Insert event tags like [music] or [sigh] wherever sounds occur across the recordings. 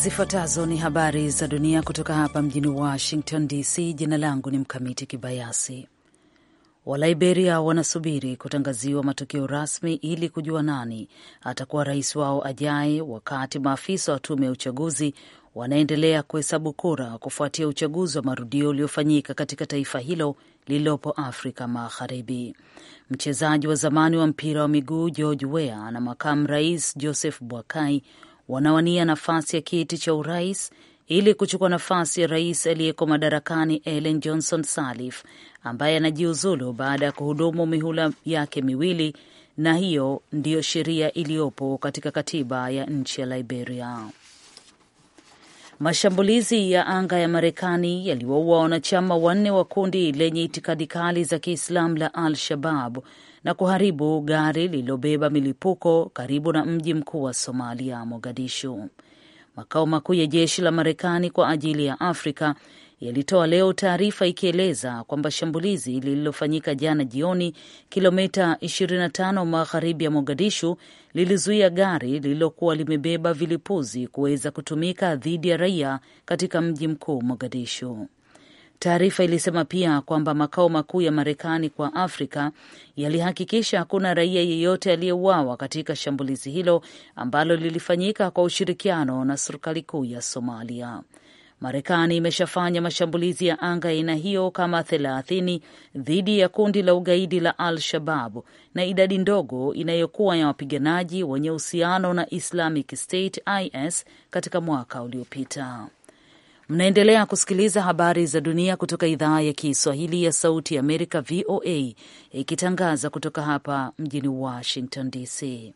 Zifuatazo ni habari za dunia kutoka hapa mjini Washington DC. Jina langu ni Mkamiti Kibayasi. Waliberia wanasubiri kutangaziwa matokeo rasmi ili kujua nani atakuwa rais wao ajaye, wakati maafisa wa tume ya uchaguzi wanaendelea kuhesabu kura kufuatia uchaguzi wa marudio uliofanyika katika taifa hilo lililopo Afrika Magharibi. Mchezaji wa zamani wa mpira wa miguu George Weah na makamu rais Joseph Boakai wanawania nafasi ya kiti cha urais ili kuchukua nafasi ya rais aliyeko madarakani Ellen Johnson Sirleaf ambaye anajiuzulu baada ya kuhudumu mihula yake miwili, na hiyo ndiyo sheria iliyopo katika katiba ya nchi ya Liberia. Mashambulizi ya anga ya Marekani yaliwaua wanachama wanne wa kundi lenye itikadi kali za Kiislamu la Al Shabab na kuharibu gari lililobeba milipuko karibu na mji mkuu wa Somalia, Mogadishu. Makao makuu ya jeshi la Marekani kwa ajili ya Afrika yalitoa leo taarifa ikieleza kwamba shambulizi lililofanyika jana jioni kilomita 25 magharibi ya Mogadishu lilizuia gari lililokuwa limebeba vilipuzi kuweza kutumika dhidi ya raia katika mji mkuu Mogadishu. Taarifa ilisema pia kwamba makao makuu ya Marekani kwa Afrika yalihakikisha hakuna raia yeyote aliyeuawa katika shambulizi hilo ambalo lilifanyika kwa ushirikiano na serikali kuu ya Somalia. Marekani imeshafanya mashambulizi ya anga ya aina hiyo kama thelathini dhidi ya kundi la ugaidi la Al Shababu na idadi ndogo inayokuwa ya wapiganaji wenye uhusiano na Islamic State IS katika mwaka uliopita. Mnaendelea kusikiliza habari za dunia kutoka idhaa ya Kiswahili ya Sauti ya Amerika, VOA, ikitangaza kutoka hapa mjini Washington DC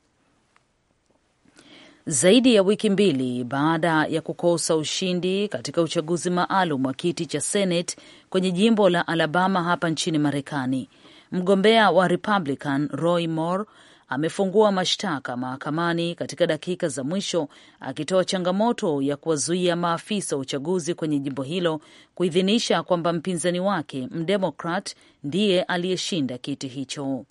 zaidi ya wiki mbili baada ya kukosa ushindi katika uchaguzi maalum wa kiti cha Senate kwenye jimbo la Alabama hapa nchini Marekani. Mgombea wa Republican Roy Moore amefungua mashtaka mahakamani katika dakika za mwisho akitoa changamoto ya kuwazuia maafisa wa uchaguzi kwenye jimbo hilo kuidhinisha kwamba mpinzani wake mdemokrat ndiye aliyeshinda kiti hicho.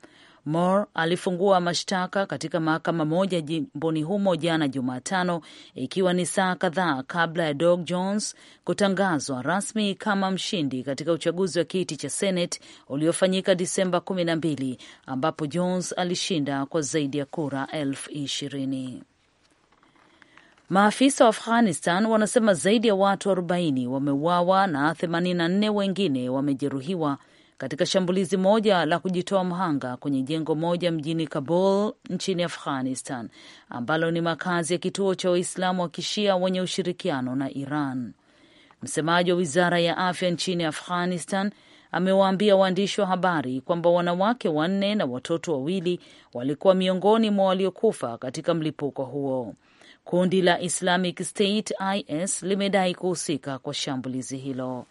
Moore alifungua mashtaka katika mahakama moja jimboni humo jana Jumatano, ikiwa ni saa kadhaa kabla ya Doug Jones kutangazwa rasmi kama mshindi katika uchaguzi wa kiti cha Senate uliofanyika Disemba kumi na mbili, ambapo Jones alishinda kwa zaidi ya kura elfu ishirini. Maafisa wa Afghanistan wanasema zaidi ya watu 40 wameuawa na 84 wengine wamejeruhiwa katika shambulizi moja la kujitoa mhanga kwenye jengo moja mjini Kabul nchini Afghanistan, ambalo ni makazi ya kituo cha Waislamu wa Kishia wenye ushirikiano na Iran. Msemaji wa wizara ya afya nchini Afghanistan amewaambia waandishi wa habari kwamba wanawake wanne na watoto wawili walikuwa miongoni mwa waliokufa katika mlipuko huo. Kundi la Islamic State IS limedai kuhusika kwa shambulizi hilo.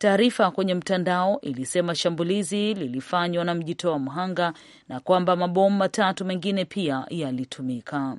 Taarifa kwenye mtandao ilisema shambulizi lilifanywa na mjitoa mhanga na kwamba mabomu matatu mengine pia yalitumika.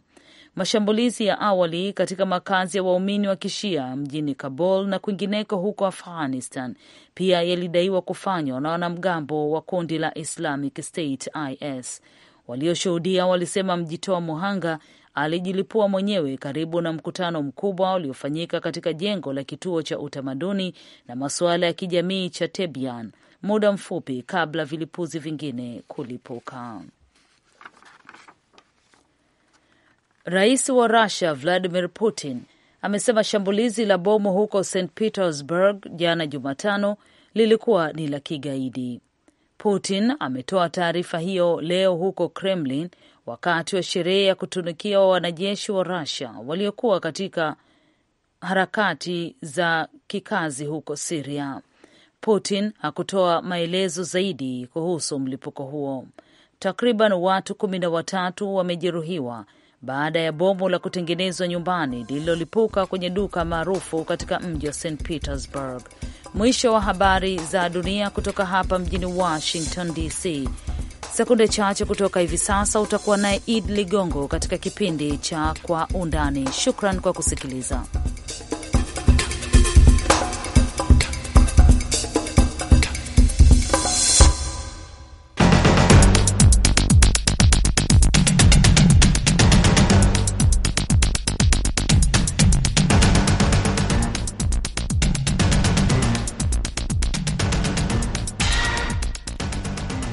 Mashambulizi ya awali katika makazi ya waumini wa kishia mjini Kabul na kwingineko huko Afghanistan pia yalidaiwa kufanywa na wanamgambo wa kundi la Islamic State IS. Walioshuhudia walisema mjitoa muhanga alijilipua mwenyewe karibu na mkutano mkubwa uliofanyika katika jengo la kituo cha utamaduni na masuala ya kijamii cha Tebian muda mfupi kabla vilipuzi vingine kulipuka. Rais wa Russia Vladimir Putin amesema shambulizi la bomu huko St Petersburg jana Jumatano lilikuwa ni la kigaidi. Putin ametoa taarifa hiyo leo huko Kremlin wakati wa sherehe ya kutunukia wa wanajeshi wa Rusia waliokuwa katika harakati za kikazi huko Siria. Putin hakutoa maelezo zaidi kuhusu mlipuko huo. Takriban watu kumi na watatu wamejeruhiwa baada ya bomu la kutengenezwa nyumbani lililolipuka kwenye duka maarufu katika mji wa St Petersburg. Mwisho wa habari za dunia kutoka hapa mjini Washington DC. Sekunde chache kutoka hivi sasa utakuwa naye Id Ligongo katika kipindi cha Kwa Undani. Shukran kwa kusikiliza.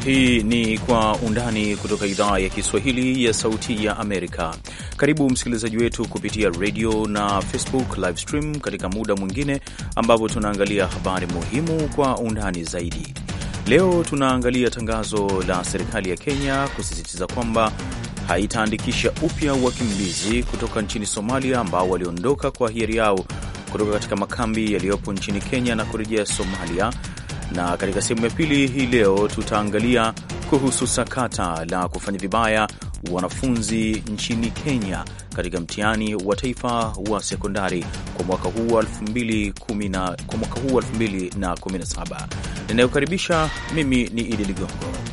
Hii ni Kwa Undani kutoka idhaa ya Kiswahili ya Sauti ya Amerika. Karibu msikilizaji wetu kupitia radio na Facebook live stream katika muda mwingine ambapo tunaangalia habari muhimu kwa undani zaidi. Leo tunaangalia tangazo la serikali ya Kenya kusisitiza kwamba haitaandikisha upya wakimbizi kutoka nchini Somalia ambao waliondoka kwa hiari yao kutoka katika makambi yaliyopo nchini Kenya na kurejea Somalia na katika sehemu ya pili hii leo tutaangalia kuhusu sakata la kufanya vibaya wanafunzi nchini Kenya katika mtihani wa taifa wa sekondari kwa mwaka huu wa 2017. Ninayokaribisha mimi ni Idi Ligongo.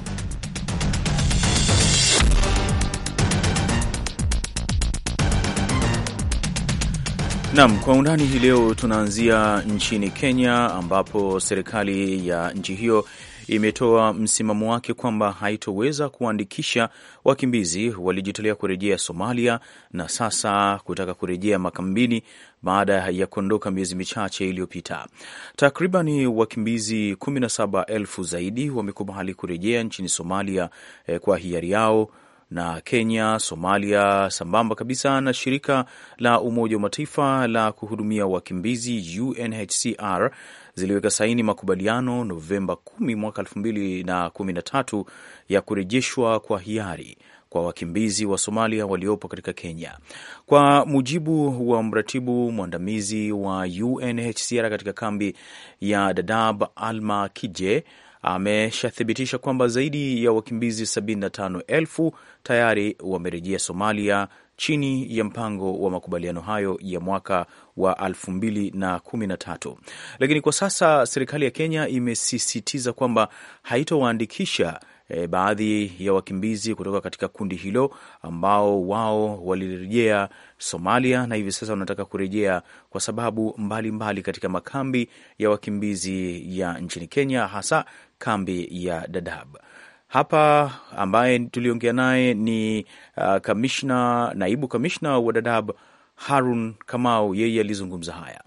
Naam, kwa undani hii leo tunaanzia nchini Kenya ambapo serikali ya nchi hiyo imetoa msimamo wake kwamba haitoweza kuandikisha wakimbizi walijitolea kurejea Somalia na sasa kutaka kurejea makambini baada ya kuondoka miezi michache iliyopita. Takriban wakimbizi elfu kumi na saba zaidi wamekubali kurejea nchini Somalia eh, kwa hiari yao na Kenya, Somalia, sambamba kabisa na shirika la Umoja wa Mataifa la kuhudumia wakimbizi UNHCR ziliweka saini makubaliano Novemba 10 mwaka 2013 ya kurejeshwa kwa hiari kwa wakimbizi wa Somalia waliopo katika Kenya. Kwa mujibu wa mratibu mwandamizi wa UNHCR katika kambi ya Dadaab, Alma Kije ameshathibitisha kwamba zaidi ya wakimbizi 75,000 tayari wamerejea Somalia chini ya mpango wa makubaliano hayo ya mwaka wa 2013. Lakini kwa sasa serikali ya Kenya imesisitiza kwamba haitowaandikisha e, baadhi ya wakimbizi kutoka katika kundi hilo ambao wao walirejea Somalia na hivi sasa wanataka kurejea kwa sababu mbalimbali mbali katika makambi ya wakimbizi ya nchini Kenya hasa kambi ya Dadaab hapa ambaye tuliongea naye ni uh, kamishna naibu kamishna wa Dadaab Harun Kamau, yeye alizungumza haya.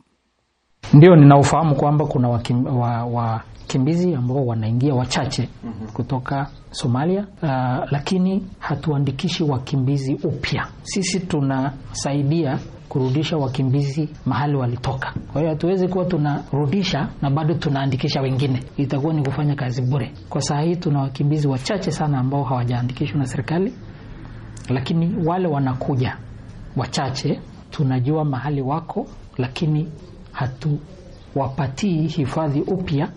Ndio, ninaofahamu kwamba kuna wakimbizi wa, wa ambao wanaingia wachache mm -hmm. kutoka Somalia uh, lakini hatuandikishi wakimbizi upya. Sisi tunasaidia kurudisha wakimbizi mahali walitoka. Kwa hiyo hatuwezi kuwa tunarudisha na bado tunaandikisha wengine, itakuwa ni kufanya kazi bure. Kwa saa hii tuna wakimbizi wachache sana ambao hawajaandikishwa na serikali, lakini wale wanakuja wachache, tunajua mahali wako, lakini hatuwapatii hifadhi upya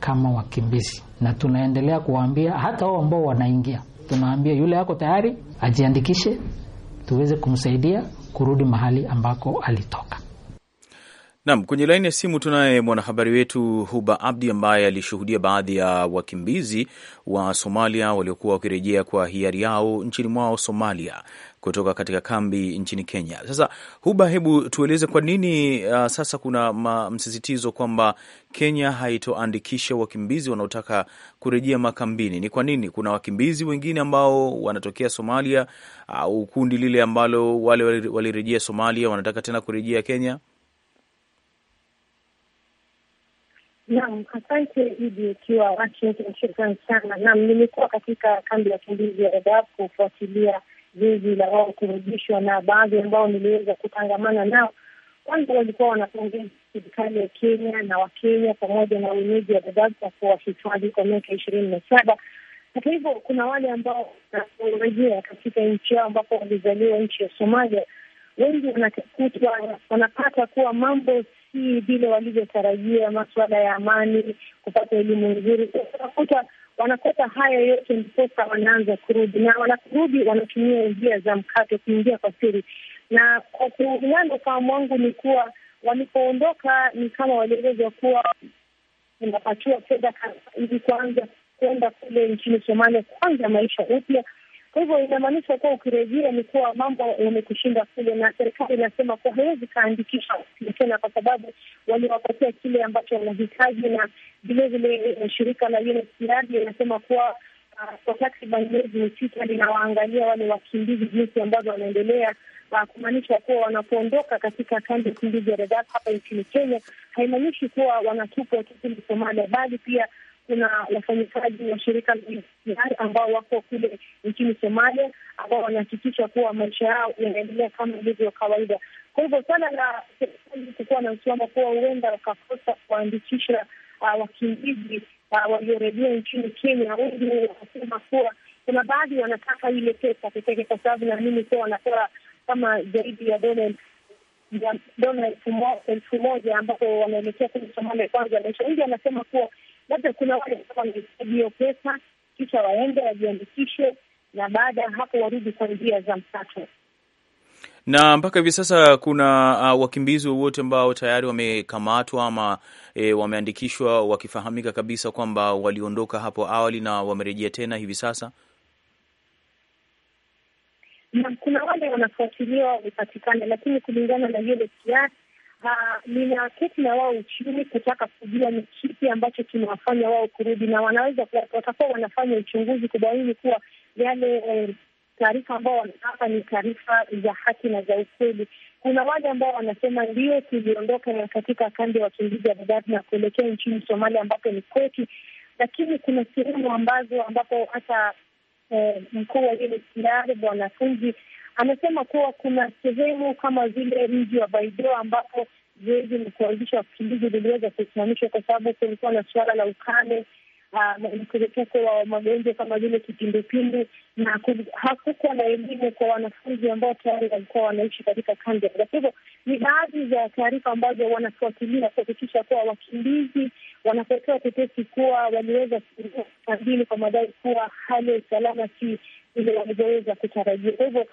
kama wakimbizi, na tunaendelea kuwaambia hata wao ambao wanaingia, tunawambia yule yako tayari ajiandikishe tuweze kumsaidia kurudi mahali ambako alitoka. Nam, kwenye laini ya simu tunaye mwanahabari wetu Huba Abdi ambaye alishuhudia baadhi ya wakimbizi wa Somalia waliokuwa wakirejea kwa hiari yao nchini mwao Somalia kutoka katika kambi nchini Kenya. Sasa Huba, hebu tueleze kwa nini uh, sasa kuna msisitizo kwamba Kenya haitoandikisha wakimbizi wanaotaka kurejea makambini. Ni kwa nini kuna wakimbizi wengine ambao wanatokea Somalia au uh, kundi lile ambalo wale walirejea Somalia wanataka tena kurejea Kenya? Naam, asante Idi, ikiwa sana. Naam, nimekuwa katika kambi ya wakimbizi ya Dadaab kufuatilia zoezi la wao kurudishwa, na baadhi ambao niliweza kutangamana nao kwanza walikuwa wanapongeza serikali ya Kenya na Wakenya pamoja na wenyeji wa Dadaab kwa kuwahifadhi kwa miaka ishirini na saba. Hata hivyo kuna wale ambao wanaporejea katika nchi yao ambapo walizaliwa, nchi ya Somalia wengi wanakutwa wanapata kuwa mambo si vile walivyotarajia, masuala ya amani, kupata elimu nzuri, wanakuta wanakosa haya yote, mposa wanaanza kurudi, na wanakurudi wanatumia njia za mkato, kuingia kwa siri. Na kwa kuungano ufahamu wangu ni kuwa walipoondoka ni kama walielezwa kuwa inapatiwa fedha ili kuanza kwenda kule nchini Somalia kuanza maisha upya kwa hivyo inamaanisha kuwa ukirejea ni kuwa mambo yamekushinda kule, na serikali inasema kuwa hawezi kaandikisha tena, kwa sababu waliwapatia kile ambacho wanahitaji, na vilevile eh, shirika la UNHCR inasema kuwa ah, kwa takriban miezi sita linawaangalia wale wakimbizi jinsi ambavyo wanaendelea, ah, kumaanisha kuwa wanapoondoka katika kambi ya wakimbizi ya Dadaab hapa nchini Kenya haimaanishi kuwa wanatupwa tu kule Somalia, bali pia kuna wafanyakazi wa shirika la ambao wako kule nchini Somalia ambao wanahakikisha kuwa maisha yao yanaendelea kama ilivyo kawaida. Kwa hivyo suala la serikali kukuwa na msimamo kuwa huenda wakakosa kuandikisha uh, wakimbizi uh, waliorejea nchini Kenya, wengi wanasema kuwa kuna baadhi wanataka ile pesa pekee, kwa sababu naamini kuwa wanatoa kama zaidi ya dola dola elfu moja ambapo wanaelekea kwenye Somalia kwanza. Maisha wengi anasema kuwa Labda kuna wale wanahitaji hiyo pesa, kisha waende wajiandikishe, na baada ya hapo warudi kwa njia za mkato. Na mpaka hivi sasa kuna uh, wakimbizi wowote ambao tayari wamekamatwa ama e, wameandikishwa wakifahamika kabisa kwamba waliondoka hapo awali na wamerejea tena hivi sasa? Na kuna wale wanafuatiliwa wamepatikana, lakini kulingana na yule kiasi ninaketi na wao uchumi kutaka kujua ni kipi ambacho kinawafanya wao kurudi, na wanaweza watakuwa wanafanya uchunguzi kubaini kuwa yale eh, taarifa ambao wanataka ni taarifa za haki na za ukweli. Kuna wale ambao wanasema ndio, tuliondoka katika kambi ya wakimbizi ya Dadaab na kuelekea nchini Somalia ambapo ni kwetu, lakini kuna sehemu ambazo ambapo hata eh, mkuu wa ile Kindari bwana Anasema kuwa kuna sehemu kama vile mji wa Baidoa ambapo zoezi la kuanzisha wakimbizi liliweza kusimamishwa kwa sababu kulikuwa na suala la ukame ah, na mkurupuko wa magonjwa kama vile kipindupindu, na hakukuwa na elimu kwa wanafunzi ambao tayari walikuwa wanaishi katika kambi. ya hivyo ni baadhi za taarifa ambazo wanafuatilia kuhakikisha kuwa wakimbizi wanapokea tetesi kuwa waliweza kuingia kambini kwa madai kuwa hali ya usalama si ile walivyoweza kutarajia. Kwa hivyo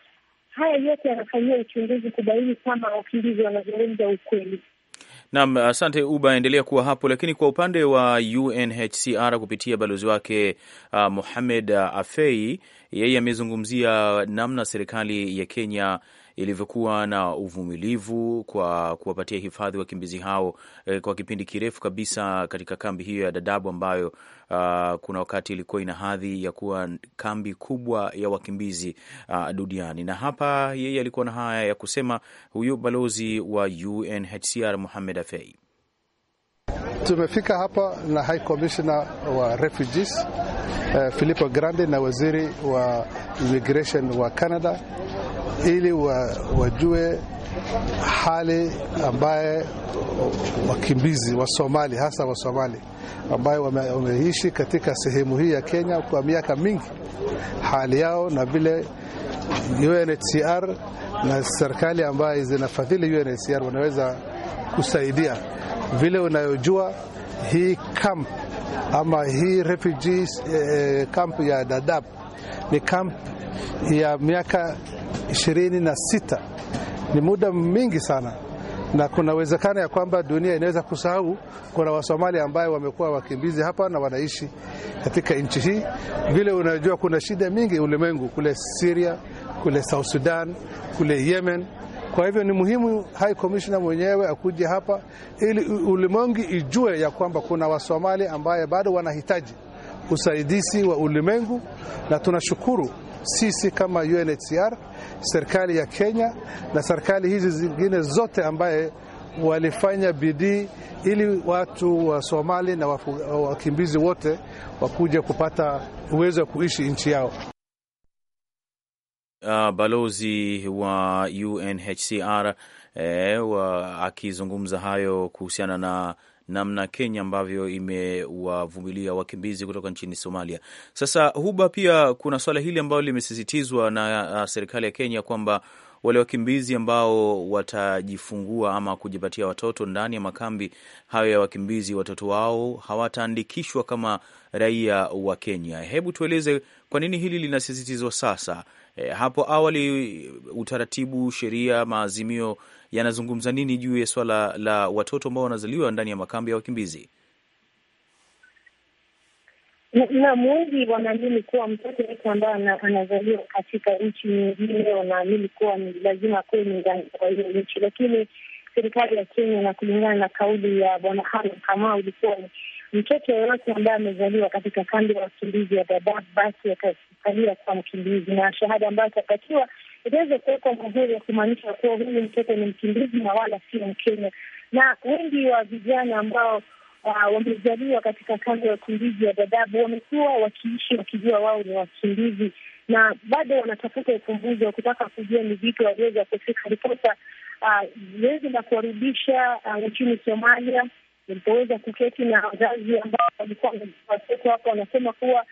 haya yote yanafanyia uchunguzi kubaini kama wakimbizi wanazungumza ukweli. Naam, asante Uba, endelea kuwa hapo. Lakini kwa upande wa UNHCR kupitia balozi wake uh, Mohamed uh, Afei, yeye amezungumzia namna serikali ya Kenya ilivyokuwa na uvumilivu kwa kuwapatia hifadhi wakimbizi hao eh, kwa kipindi kirefu kabisa katika kambi hiyo ya dadabu ambayo Uh, kuna wakati ilikuwa ina hadhi ya kuwa kambi kubwa ya wakimbizi uh, duniani. Na hapa yeye alikuwa na haya ya kusema, huyu balozi wa UNHCR muhamed Afei. Tumefika hapa na High Commissioner wa refugees uh, eh, Filippo Grandi na waziri wa immigration wa Canada ili wa, wajue hali ambaye wakimbizi wa Somali hasa wa Somali ambayo wameishi katika sehemu hii ya Kenya kwa miaka mingi, hali yao na vile UNHCR na serikali ambayo zinafadhili UNHCR wanaweza kusaidia. Vile unayojua hii camp ama hii refugees eh, eh camp ya Dadaab ni kamp ya miaka ishirini na sita. Ni muda mingi sana, na kuna uwezekano ya kwamba dunia inaweza kusahau kuna Wasomali ambayo wamekuwa wakimbizi hapa na wanaishi katika nchi hii. Vile unajua kuna shida mingi ulimwengu, kule Syria, kule South Sudan, kule Yemen. Kwa hivyo ni muhimu High Commissioner mwenyewe akuje hapa ili ulimwengu ijue ya kwamba kuna Wasomali ambaye bado wanahitaji usaidizi wa ulimwengu, na tunashukuru sisi kama UNHCR, serikali ya Kenya na serikali hizi zingine zote ambaye walifanya bidii ili watu wa Somali na wakimbizi wote wakuja kupata uwezo wa kuishi nchi yao. Uh, balozi wa UNHCR eh, wa akizungumza hayo kuhusiana na namna Kenya ambavyo imewavumilia wakimbizi kutoka nchini Somalia. Sasa Huba, pia kuna swala hili ambalo limesisitizwa na uh, serikali ya Kenya kwamba wale wakimbizi ambao watajifungua ama kujipatia watoto ndani ya makambi hayo ya wakimbizi, watoto wao hawataandikishwa kama raia wa Kenya. Hebu tueleze kwa nini hili linasisitizwa sasa? E, hapo awali utaratibu, sheria, maazimio yanazungumza nini juu ya swala la watoto ambao wanazaliwa ndani ya makambi ya wakimbizi? Naam, wengi wanaamini kuwa mtoto wetu ambaye anazaliwa katika nchi nyingine, wanaamini kuwa ni lazima akuwe nyumbani kwa hiyo nchi, lakini serikali ya Kenya na kulingana na kauli ya Bwana Harold Kamau ilikuwa ni mtoto yoyote ambaye amezaliwa katika kambi ya wakimbizi ya Dadaab basi atasalia kuwa mkimbizi, na shahada ambayo atapatiwa iweze kuwekwa muhuri ya kumaanisha kuwa huyu mtoto ni mkimbizi na wala sio Mkenya. Na wengi wa vijana ambao uh, wamezaliwa katika kando ya wakimbizi ya dadabu wamekuwa wakiishi wakijua wao ni wakimbizi, na bado wanatafuta ufumbuzi wa kutaka kujua ni vitu waliweza kufika, ndiposa uh, zoezi uh, la kuwarudisha uh, nchini uh, Somalia ilipoweza kuketi na wazazi ambao walikuwa watoto hapo, wanasema kuwa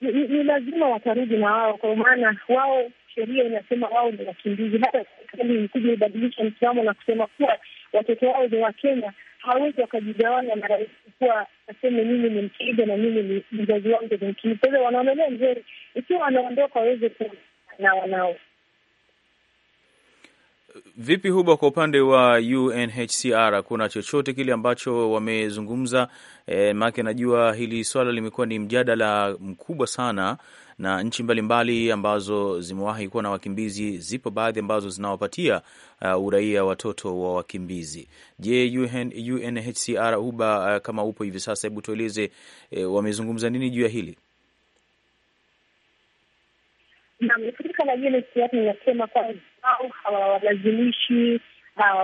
ni lazima watarudi na wao, kwa maana wao sheria inasema wao ni wakimbizi. Hata serikali ikuja ibadilisha msimamo na kusema kuwa watoto wao ni Wakenya, hawawezi na rais kuwa aseme mimi ni Mkenya na mimi ni mzazi wangu ni Mkenya. Kwa hivyo wanaonelea mzuri ikiwa wanaondoka waweze kuwa na wanao Vipi Huba, kwa upande wa UNHCR kuna chochote kile ambacho wamezungumza? E, eh, maake najua hili swala limekuwa ni mjadala mkubwa sana, na nchi mbalimbali ambazo zimewahi kuwa na wakimbizi, zipo baadhi ambazo zinawapatia uh, uraia watoto wa wakimbizi. Je, UN, UNHCR Huba, uh, kama upo hivi sasa, hebu tueleze, uh, wamezungumza nini juu ya hili? na shirika la UNHCR linasema kwamba wao hawawalazimishi ah,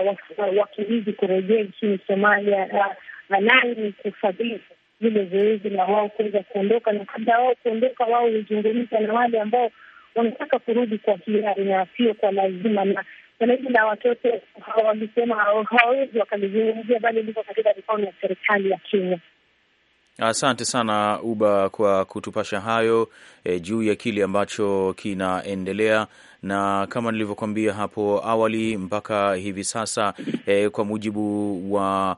wakimbizi kurejea nchini Somalia, ah, nani ni kufadhili vile zoezi la wao kuweza kuondoka, na kabla wao kuondoka, wao huzungumza na wale ambao wanataka kurudi kwa hiari na sio kwa lazima. Na swala hili la watoto walisema hawawezi wakalizungumzia, bali liko katika mikono ya serikali ya Kenya. Asante sana Uba kwa kutupasha hayo e, juu ya kile ambacho kinaendelea na kama nilivyokuambia hapo awali, mpaka hivi sasa e, kwa mujibu wa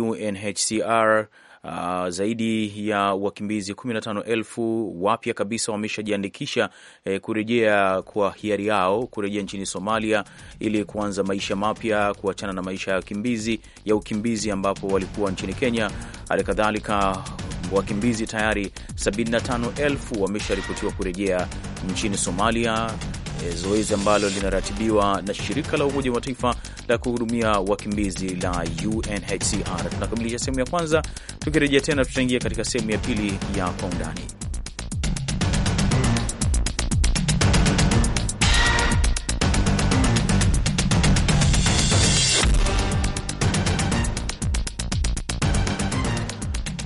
UNHCR uh, uh, zaidi ya wakimbizi 15,000 wapya kabisa wameshajiandikisha eh, kurejea kwa hiari yao kurejea nchini Somalia ili kuanza maisha mapya, kuachana na maisha ya wakimbizi ya ukimbizi ambapo walikuwa nchini Kenya. Hali kadhalika wakimbizi tayari 75,000 wamesharipotiwa kurejea nchini Somalia Eh, zoezi ambalo linaratibiwa na shirika la Umoja wa Mataifa la kuhudumia wakimbizi la UNHCR. Tunakamilisha sehemu ya kwanza, tukirejea tena tutaingia katika sehemu ya pili ya kwa undani.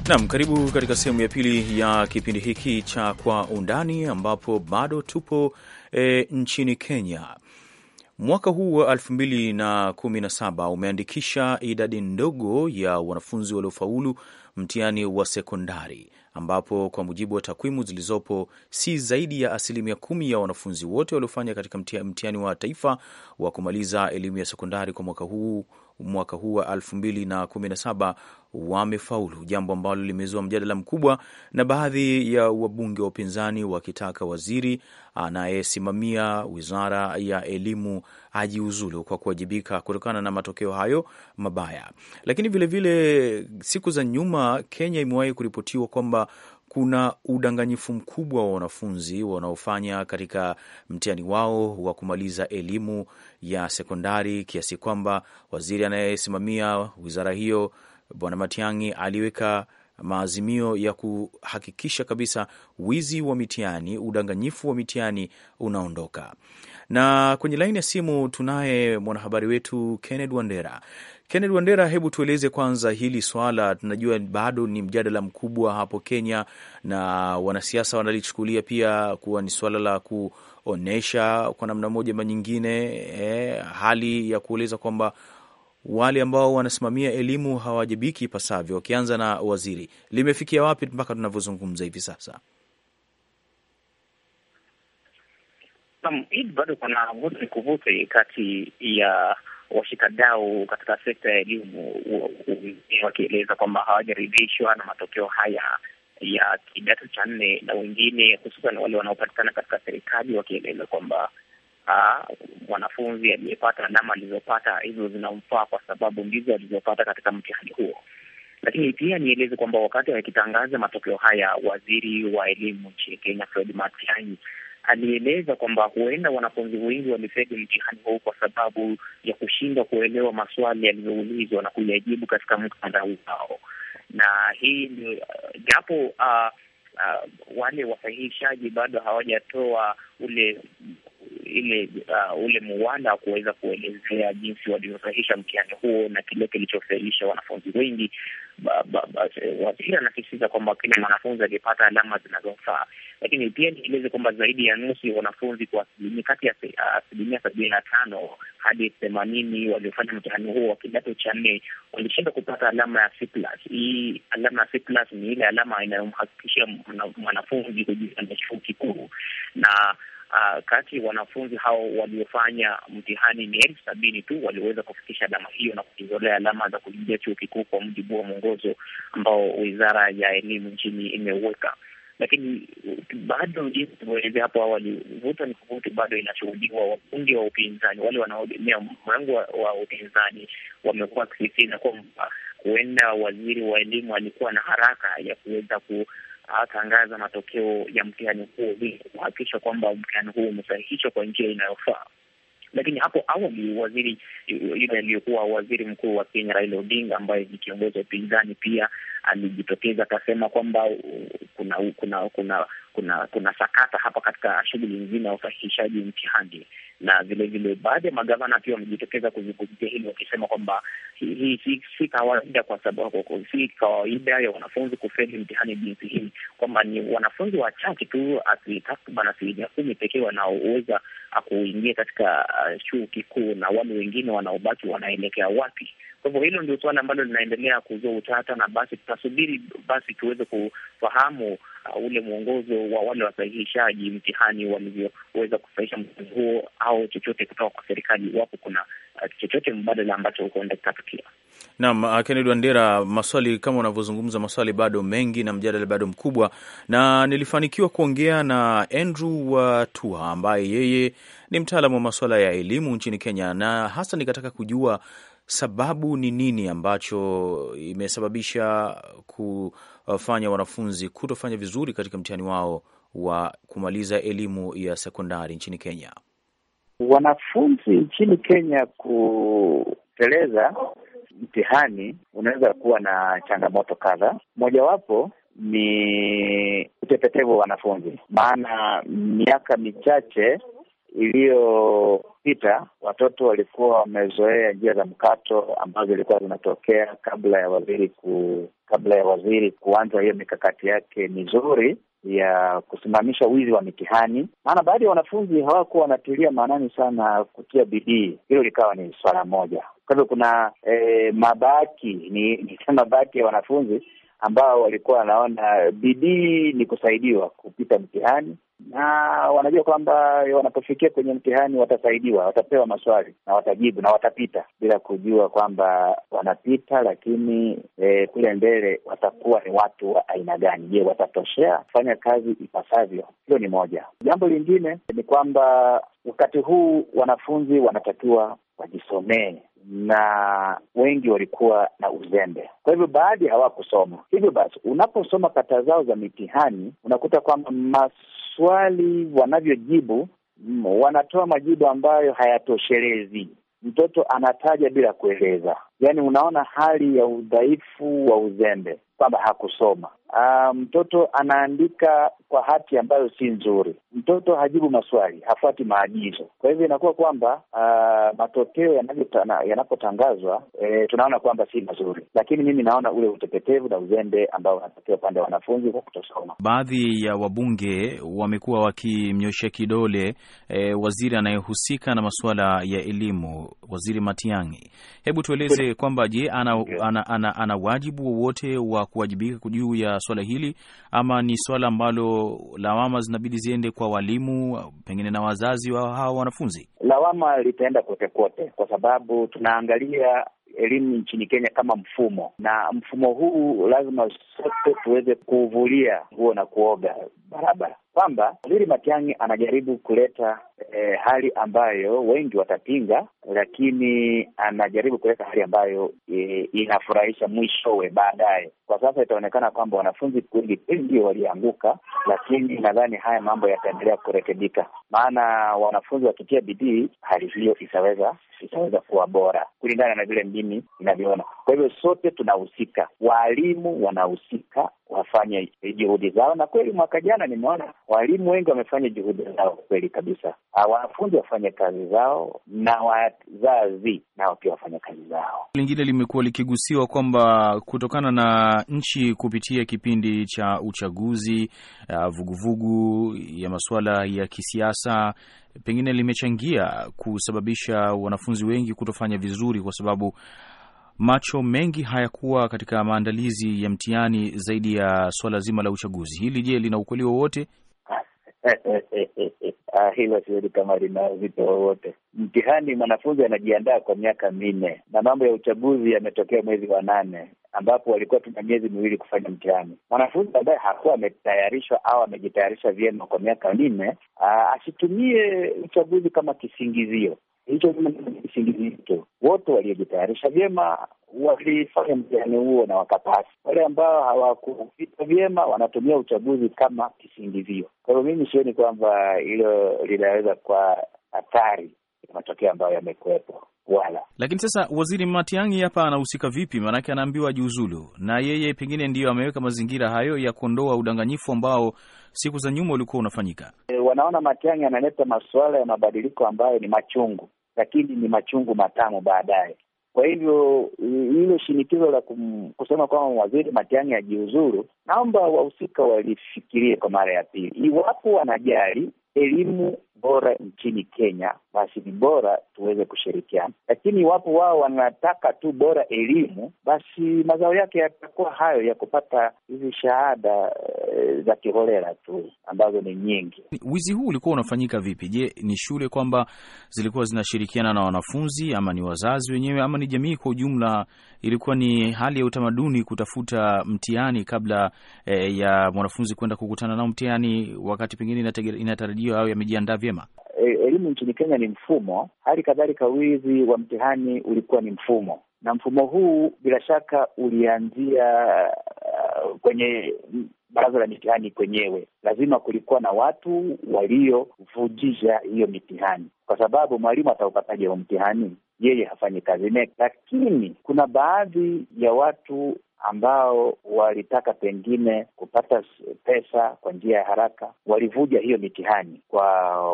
Nam, karibu katika sehemu ya pili ya kipindi hiki cha Kwa Undani, ambapo bado tupo e, nchini Kenya mwaka huu wa 2017 umeandikisha idadi ndogo ya wanafunzi waliofaulu mtihani wa sekondari ambapo kwa mujibu wa takwimu zilizopo si zaidi ya asilimia kumi ya wanafunzi wote waliofanya katika mtihani wa taifa wa kumaliza elimu ya sekondari kwa mwaka huu mwaka huu wa 2017 wamefaulu, jambo ambalo limezua mjadala mkubwa, na baadhi ya wabunge wa upinzani wakitaka waziri anayesimamia wizara ya elimu ajiuzulu kwa kuwajibika kutokana na matokeo hayo mabaya. Lakini vilevile vile, siku za nyuma Kenya imewahi kuripotiwa kwamba kuna udanganyifu mkubwa wa wanafunzi wanaofanya katika mtihani wao wa kumaliza elimu ya sekondari, kiasi kwamba waziri anayesimamia wizara hiyo Bwana Matiang'i aliweka maazimio ya kuhakikisha kabisa wizi wa mitihani, udanganyifu wa mitihani unaondoka na kwenye laini ya simu tunaye mwanahabari wetu Kenneth Wandera. Kenneth Wandera, hebu tueleze kwanza hili swala, tunajua bado ni mjadala mkubwa hapo Kenya na wanasiasa wanalichukulia pia kuwa ni swala la kuonyesha kwa namna moja ama nyingine, eh, hali ya kueleza kwamba wale ambao wanasimamia elimu hawajibiki ipasavyo, wakianza na waziri. Limefikia wapi mpaka tunavyozungumza hivi sasa? hivi bado kuna vuta ni kuvute kati ya washikadau katika sekta ya elimu, wakieleza kwamba hawajaridhishwa na matokeo haya ya kidato cha nne, na wengine hususan wale wanaopatikana katika serikali wakieleza kwamba mwanafunzi aliyepata alama alizopata hizo zinamfaa kwa sababu ndizo alizopata katika mtihani huo. Lakini pia nieleze kwamba wakati akitangaza matokeo haya, waziri wa elimu nchini Kenya Fred Matiang'i alieleza kwamba huenda wanafunzi wengi walifeli mtihani huu kwa sababu ya kushindwa kuelewa maswali yaliyoulizwa na kuyajibu katika muktadha wao, na hii ndio japo uh, uh, wale wasahihishaji bado hawajatoa ule ile uh, ule muwala wa kuweza kuelezea jinsi walivyosahihisha mtihani huo na kile kilichofelisha wanafunzi wengi. Waziri anasisitiza kwamba kila mwanafunzi alipata alama zinazofaa, lakini pia nieleze kwamba zaidi ya nusu ya wanafunzi kwa asilimia kati ya uh, asilimia sabini na tano hadi themanini waliofanya mtihani huo wa kidato cha nne walishindwa kupata alama ya C plus. Hii alama ya C plus ni ile alama inayomhakikishia mwanafunzi kujiunga na chuo kikuu na uh, kati wanafunzi hao waliofanya mtihani ni elfu sabini tu walioweza kufikisha alama hiyo na kujizolea alama za kuingia chuo kikuu kwa mujibu wa mwongozo ambao wizara ya elimu nchini imeuweka. Lakini uh, bado jinsi ilivyoelezea hapo awali, vuta ni kuvuti bado inashuhudiwa. Wabunge wa upinzani, wale wanaoegemea mrengo wa upinzani, wamekuwa wakisisitiza kwamba huenda waziri wa elimu alikuwa na haraka ya kuweza ku atangaza matokeo ya mtihani huo ili kuhakikisha kwamba mtihani huo umesahihishwa kwa njia inayofaa. Lakini hapo awali waziri yule aliyekuwa waziri mkuu wa Kenya, Raila Odinga, ambaye ni kiongozi wa upinzani, pia alijitokeza akasema kwamba uh, kuna kuna kuna kuna kuna sakata hapa katika shughuli nzima ya usahihishaji mtihani na vilevile baadhi ya magavana pia wamejitokeza kuzungumzia hili wakisema kwamba hii si, si kawaida, kwa sababu si kawaida ya wanafunzi kufeli mtihani jinsi hii, kwamba ni wanafunzi wachache tu, takriban asilimia kumi pekee wanaoweza ah, kuingia katika uh, chuo kikuu, na wale wengine wanaobaki wanaelekea wapi? Kwa hivyo hilo ndio suala ambalo linaendelea kuzua utata, na basi tutasubiri basi tuweze kufahamu uh, ule mwongozo wa wale wasahihishaji mtihani walivyoweza kusahihisha mtihani huo au chochote kutoka kwa serikali, iwapo kuna uh, chochote mbadala ambacho huenda kikatukia. Naam, uh, Kennedy Wandera, maswali kama unavyozungumza, maswali bado mengi na mjadala bado mkubwa, na nilifanikiwa kuongea na Andrew watuha ambaye yeye ni mtaalamu wa masuala ya elimu nchini Kenya, na hasa nikataka kujua sababu ni nini ambacho imesababisha kufanya wanafunzi kutofanya vizuri katika mtihani wao wa kumaliza elimu ya sekondari nchini Kenya? Wanafunzi nchini Kenya kuteleza mtihani unaweza kuwa na changamoto kadhaa. Mojawapo ni utepetevu wa wanafunzi, maana miaka michache iliyo iliyopita watoto walikuwa wamezoea njia za mkato ambazo zilikuwa zinatokea kabla ya waziri ku, kabla ya waziri kuanza hiyo mikakati yake mizuri ya kusimamisha wizi wa mitihani. Maana baadhi ya wanafunzi hawakuwa wanatilia maanani sana kutia bidii, hilo likawa ni swala moja. Kwa hivyo kuna e, mabaki ni, ni [laughs] mabaki ya wanafunzi ambao walikuwa wanaona bidii ni kusaidiwa kupita mtihani na wanajua kwamba wanapofikia kwenye mtihani watasaidiwa, watapewa maswali na watajibu na watapita, bila kujua kwamba wanapita, lakini e, kule mbele watakuwa ni watu wa aina gani? Je, watatoshea kufanya kazi ipasavyo? Hilo ni moja. Jambo lingine ni kwamba wakati huu wanafunzi wanatakiwa wajisomee na wengi walikuwa na uzembe, kwa hivyo baadhi hawakusoma. Hivyo basi, unaposoma kata zao za mitihani unakuta kwamba mas maswali wanavyojibu, wanatoa majibu ambayo hayatoshelezi. Mtoto anataja bila kueleza. Yani unaona hali ya udhaifu wa uzembe kwamba hakusoma. Aa, ah, mtoto anaandika kwa hati ambayo si nzuri, mtoto hajibu maswali, hafuati maagizo. Kwa hivyo inakuwa kwamba ah, matokeo yanapotangazwa e, tunaona kwamba si mazuri, lakini mimi naona ule utepetevu na uzembe ambao unatokea upande wa wanafunzi kwa kutosoma. Baadhi ya wabunge wamekuwa wakimnyoshea kidole e, waziri anayehusika na masuala ya elimu, Waziri Matiang'i. Hebu tueleze kwamba je, ana, yeah. ana, ana, ana wajibu wowote wa kuwajibika juu ya swala hili ama ni swala ambalo lawama zinabidi ziende kwa walimu pengine na wazazi wa hawa wanafunzi? Lawama litaenda kote kote, kwa sababu tunaangalia elimu nchini Kenya kama mfumo, na mfumo huu lazima sote tuweze kuuvulia nguo na kuoga barabara kwamba Waziri Matiang'i anajaribu kuleta e, hali ambayo wengi watapinga, lakini anajaribu kuleta hali ambayo e, inafurahisha mwishowe baadaye. Kwa sasa itaonekana kwamba wanafunzi wengi ndio walianguka, lakini nadhani haya mambo yataendelea kurekebika, maana wanafunzi wakitia bidii, hali hiyo itaweza itaweza kuwa bora kulingana na vile mimi inavyoona. Kwa hivyo sote tunahusika, waalimu wanahusika, wafanye juhudi zao, na kweli mwaka jana nimeona Walimu wengi wamefanya juhudi zao kweli kabisa, ah, wanafunzi wafanye kazi zao na wazazi nao pia wafanye kazi zao. Lingine limekuwa likigusiwa kwamba kutokana na nchi kupitia kipindi cha uchaguzi, ah, vuguvugu uh, vugu ya masuala ya kisiasa pengine limechangia kusababisha wanafunzi wengi kutofanya vizuri kwa sababu macho mengi hayakuwa katika maandalizi ya mtihani zaidi ya swala zima la uchaguzi. Hili je, lina ukweli wowote? Eh, eh, eh, ah, hilo siwezi kama lina uzito wowote. Mtihani mwanafunzi anajiandaa kwa miaka minne, na mambo ya uchaguzi yametokea mwezi wa nane ambapo walikuwa tuna miezi miwili kufanya mtihani. Mwanafunzi ambaye hakuwa ametayarishwa au amejitayarisha vyema kwa miaka minne, ah, asitumie uchaguzi kama kisingizio hicho kisingizito. Wote waliojitayarisha vyema walifanya mtihani huo na wakapasi. Wale ambao hawakuvita vyema wanatumia uchaguzi kama kisingizio. Kwa hivyo mimi sioni kwamba hilo linaweza kuwa hatari ya matokeo ambayo yamekuwepo wala. Lakini sasa waziri Matiang'i hapa anahusika vipi? Maanake anaambiwa ajiuzulu, na yeye pengine ndiyo ameweka mazingira hayo ya kuondoa udanganyifu ambao siku za nyuma ulikuwa unafanyika. E, wanaona Matiang'i analeta masuala ya mabadiliko ambayo ni machungu lakini ni machungu matamu baadaye. Kwa hivyo hilo shinikizo la kum, kusema kwamba waziri Matiang'i ajiuzuru, naomba wahusika walifikirie kwa mara ya pili, iwapo wanajali elimu bora nchini Kenya, basi ni bora tuweze kushirikiana. Lakini iwapo wao wanataka tu bora elimu, basi mazao yake yatakuwa hayo ya kupata hizi shahada e, za kiholela tu ambazo ni nyingi. Wizi huu ulikuwa unafanyika vipi? Je, ni shule kwamba zilikuwa zinashirikiana na wanafunzi ama ni wazazi wenyewe ama ni jamii kwa ujumla? Ilikuwa ni hali ya utamaduni kutafuta mtihani kabla e, ya mwanafunzi kwenda kukutana nao mtihani, wakati pengine inatarajiwa au yamejiandaa mapema. E, elimu nchini Kenya ni mfumo, hali kadhalika wizi wa mtihani ulikuwa ni mfumo, na mfumo huu bila shaka ulianzia uh, kwenye baraza la mitihani kwenyewe. Lazima kulikuwa na watu waliovujisha hiyo mitihani, kwa sababu mwalimu ataupataje mtihani? Yeye hafanyi kazi nake. Lakini kuna baadhi ya watu ambao walitaka pengine kupata pesa kwa njia ya haraka, walivuja hiyo mitihani kwa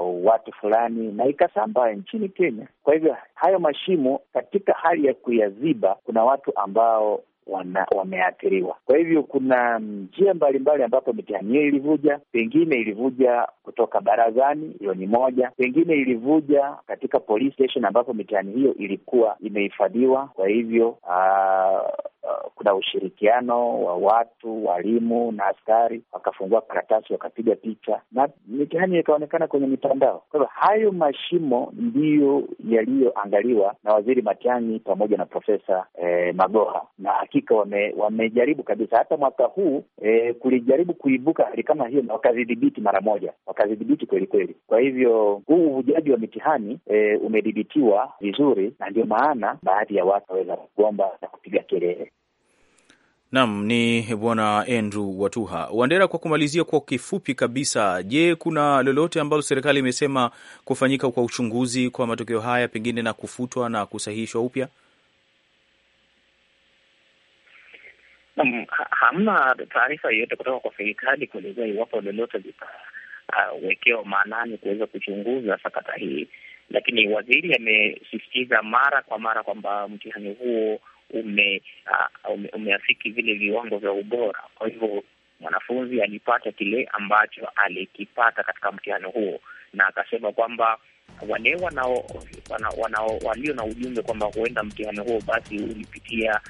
watu fulani na ikasambaa nchini Kenya. Kwa hivyo hayo mashimo, katika hali ya kuyaziba, kuna watu ambao wana, wameathiriwa. Kwa hivyo kuna njia mbalimbali ambapo mitihani hiyo ilivuja, pengine ilivuja kutoka barazani, hiyo ni moja, pengine ilivuja katika police station ambapo mitihani hiyo ilikuwa imehifadhiwa. Kwa hivyo aa, kuna ushirikiano wa watu walimu na askari wakafungua karatasi wakapiga picha na mitihani ikaonekana kwenye mitandao. Kwa hivyo hayo mashimo ndiyo yaliyoangaliwa na Waziri Matiang'i pamoja na Profesa eh, Magoha na hakika wame, wamejaribu kabisa. Hata mwaka huu e, kulijaribu kuibuka hali kama hiyo na wakazidhibiti mara moja, wakazidhibiti kweli kweli. Kwa hivyo huu uvujaji wa mitihani e, umedhibitiwa vizuri, na ndio maana baadhi ya watu waweza kugomba na kupiga kelele. Naam, ni Bwana Andrew Watuha Wandera. Kwa kumalizia kwa kifupi kabisa, je, kuna lolote ambalo serikali imesema kufanyika kwa uchunguzi kwa matokeo haya pengine na kufutwa na kusahihishwa upya? hamna taarifa yoyote kutoka kwa serikali kuelezea iwapo lolote litawekewa uh, maanani kuweza kuchunguza sakata hii, lakini waziri amesisitiza mara kwa mara kwamba mtihani huo ume, uh, ume, umeafiki vile viwango vya ubora. Kwa hivyo mwanafunzi alipata kile ambacho alikipata katika mtihani huo, na akasema kwamba wale wanao, wanao, walio na ujumbe kwamba huenda mtihani huo basi ulipitia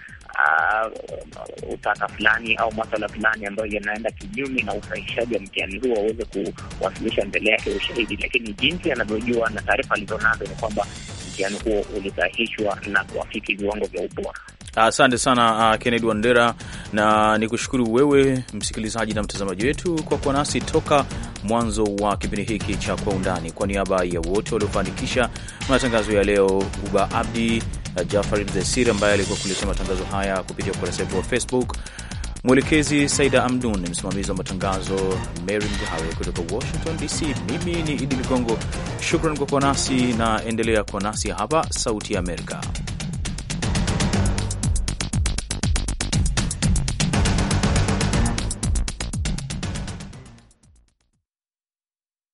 uh, utata fulani au maswala fulani ambayo yanaenda kinyume na usahihishaji wa mtihani huo, waweze kuwasilisha mbele yake ushahidi. Lakini jinsi anavyojua na taarifa alizonazo ni kwamba mtihani huo ulisahihishwa na kuafiki viwango vya ubora. Asante sana uh, Kennedy Wandera, na ni kushukuru wewe msikilizaji na mtazamaji wetu kwa kuwa nasi toka mwanzo wa kipindi hiki cha Kwa Undani. Kwa niaba ya wote waliofanikisha matangazo ya leo, Uba Abdi Eh, Jafari Mjasiri ambaye alikuwa kuletea matangazo haya kupitia ukurasa wetu wa Facebook. Mwelekezi Saida Amdun, msimamizi wa matangazo Mary Mgawe kutoka Washington DC. Mimi ni Idi Ligongo, shukran kwa kuwa nasi na endelea kuwa nasi hapa Sauti ya Amerika.